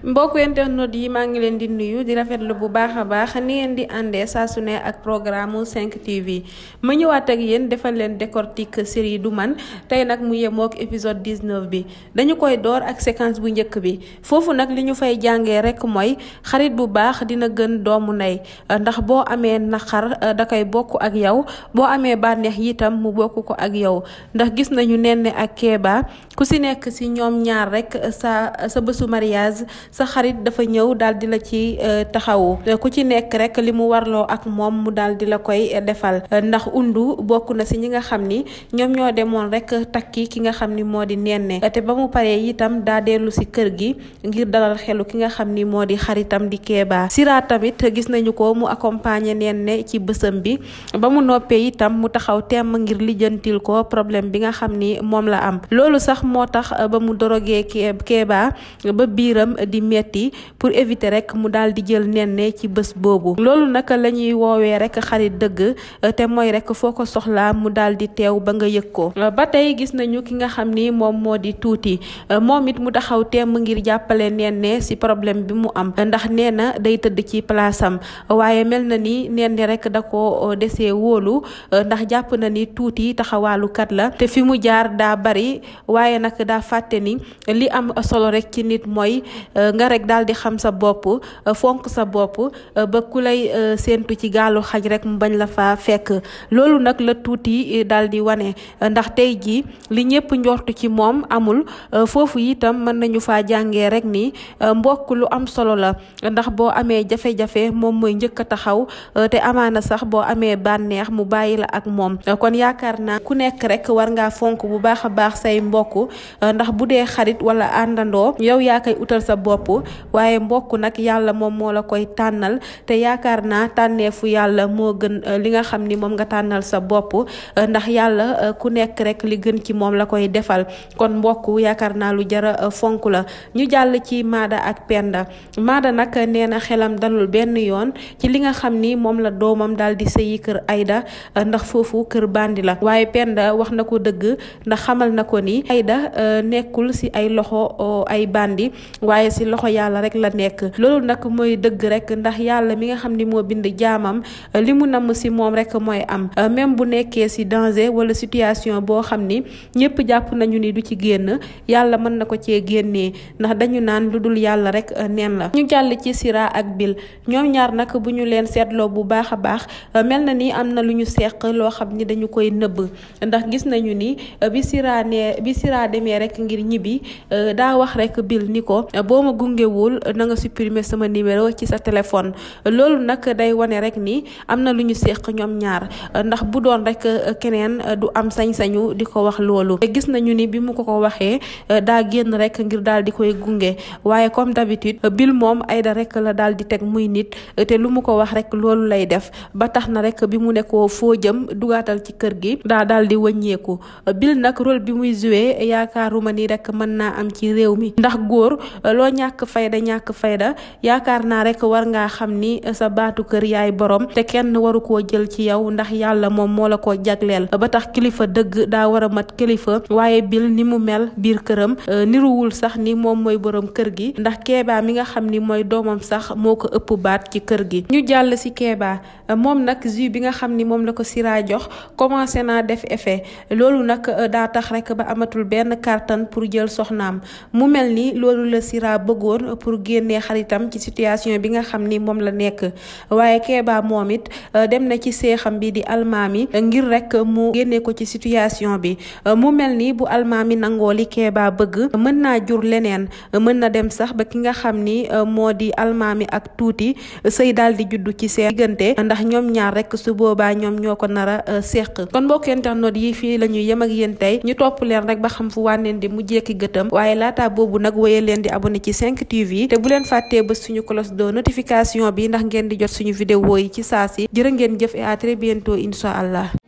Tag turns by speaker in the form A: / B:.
A: mbokk internet yi maa ngi leen di nuyu di rafetlu bu baax a baax ni ngeen di àndee saa su ne ak programme 5 TV ma ñëwaat ak yéen defal leen décortique série du man tey nag mu yemook épisode 19 bi dañu koy door ak séquence bu njëkk bi foofu nag li ñu fay jàngee rek mooy xarit bu baax dina gën doomu ndey ndax boo amee naqar da bokk ak yow boo amee bànneex itam mu bokk ko ak yow ndax gis nañu Nene ak Keba ku si nekk si ñoom ñaar rek sa sa bésu mariage sa xarit dafa ñëw dal di la ci euh, taxawu euh, ku ci nekk rek li mu ak mom mu dal di la koy euh, defal ndax undu bokku na ci ñi nga xamni ñom ñoo demoon rek takki ki nga xamni modi di nenne te ba mu paree yitam da dellu ci kër gi ngir dalal xelu ki nga xamni modi xaritam di keba sira tamit gis nañu ko mu accompagner nenne ci bëssam bi ba mu noppee itam mu taxaw tém ngir lijeentil ko problème bi nga xamni mom la am lolu sax motax ba mu dorogee keba ba biram di metti pour éviter rek mu dal di jël nenné ci bëss bobu loolu naka lañuy wowe rek xarit deug té moy rek foko ko mu dal di tew ba nga ko ba tay gis nañu ki nga xamni mom modi touti di tuuti moom it mu taxaw ngir jappalé nenné si problème bi mu am ndax néna na day tëdd ci place am mel na ni nenné rek da ko euh, desee wolu euh, ndax japp na ni taxawalu kat la te fi mu jaar da bari wayé nak da faté ni li am solo rek ci nit moy. Euh, nga rek daal di xam sa bopp euh, fonk sa bopp euh, ba ku lay euh, séentu ci gaalu xaj rek mu bañ la fa fekk loolu nag la tuuti daal di wane ndax tey jii li ñëpp njortu ci moom amul foofu itam mën nañu faa jàngee rek ni mbokk lu am solo la ndax boo amee jafe-jafe moom mooy njëkk a taxaw te amaana sax boo amee bànneex mu bàyyi la ak moom kon yaakaar na ku nekk rek war ngaa fonk bu baax a baax say mbokku ndax bu dee xarit wala àndandoo yow yaa utal sa bopp topp waaye mbokk nag yàlla moom moo la koy tànnal te yaakaar naa fu yàlla moo gën euh, li nga xam ni moom nga tànnal sa bopp euh, ndax yàlla euh, ku nekk rek li gën ci moom la koy defal kon mbokk yaakaar naa lu jara fonk la ñu jàll ci maada ak penda maada nag nee na xelam dalul benn yoon ci li nga xam ni moom la doomam daal di sëyi kër ayda ndax foofu kër bandi la waaye penda wax na ko dëgg ndax xamal na ko ni ayda nekkul si ay loxo ay bandi waaye si loxo yàlla rek la nekk loolu nag mooy dëgg rek ndax yàlla mi nga xam ni moo bind jaamam li mu namm si moom rek mooy am même bu nekkee si danger wala situation boo xam ni ñëpp jàpp nañu ni du ci génn yàlla mën na ko cee génnee ndax dañu naan lu dul yàlla rek neen la ñu jàll ci Sira ak Bil ñoom ñaar nag bu ñu leen seetloo bu baax a baax mel na ni am na lu ñu seq loo xam ni dañu koy nëbb ndax gis nañu ni bi Sira nee bi Sira demee rek ngir ñibbi daa wax rek Bil ni ko boo ma gungewul euh, na nga supprimer sama numéro ci sa téléphone euh, loolu nag day wane rek ni am na lu ñu séq ñoom ñaar euh, ndax bu doon rek keneen du am sañ-sañu di ko wax loolu te gis nañu ni bi mu ko ko waxee daa génn rek ngir daal di koy gunge waaye comme d'habitude Bill moom Aida rek la daal di teg muy nit te lu mu ko wax rek loolu lay def ba tax na rek bi mu nekkoo foo jëm dugaatal ci kër gi daa daal di wëññeeku Bill nag rôle bi muy joué yaakaaruma ni rek mën ñàkk fayda ñàkk fayda yaakaar naa rek war ngaa xam ni sa baatu kër yaay borom te kenn waru koo jël ci yow ndax yàlla moom moo la ko jagleel ba tax kilifa dëgg daa war a mat kilifa waaye bil ni mu mel biir këram e, niruwul sax ni moom mooy boroom kër gi ndax keebaa mi nga xam ni mooy doomam sax moo ko ëpp baat ci kër gi ñu jàll si keebaa e, moom nag jus bi nga xam ni moom la ko siraa jox commencé naa def effet loolu nag e, daa tax rek ba amatul benn kàttan pour jël soxnaam mu mel ni loolu la Sira bëggoon pour génnee xaritam ci situation bi nga xam ni moom la nekk waaye Keba moom it euh, dem na ci seexam bi di almaami ngir rek mu génnee ko ci situation bi euh, mu mel ni bu almaami nangoo li Keba bëgg mën naa jur leneen mën na dem sax ba ki nga xam ni euh, moo di almaami ak tuuti sëy daal di juddu ci seen diggante ndax ñoom ñaar rek su boobaa ñoom ñoo ko nar a seq kon mbokk internet yi fii la ñuy yem tey ñu topp leen rek ba xam fu wànneen 5 TV te bu leen fàttee bës suñu cloche de notification bi ndax ngeen di jot suñu vidéo yi ci saa si jërë ngeen jëf et à très bientôt allah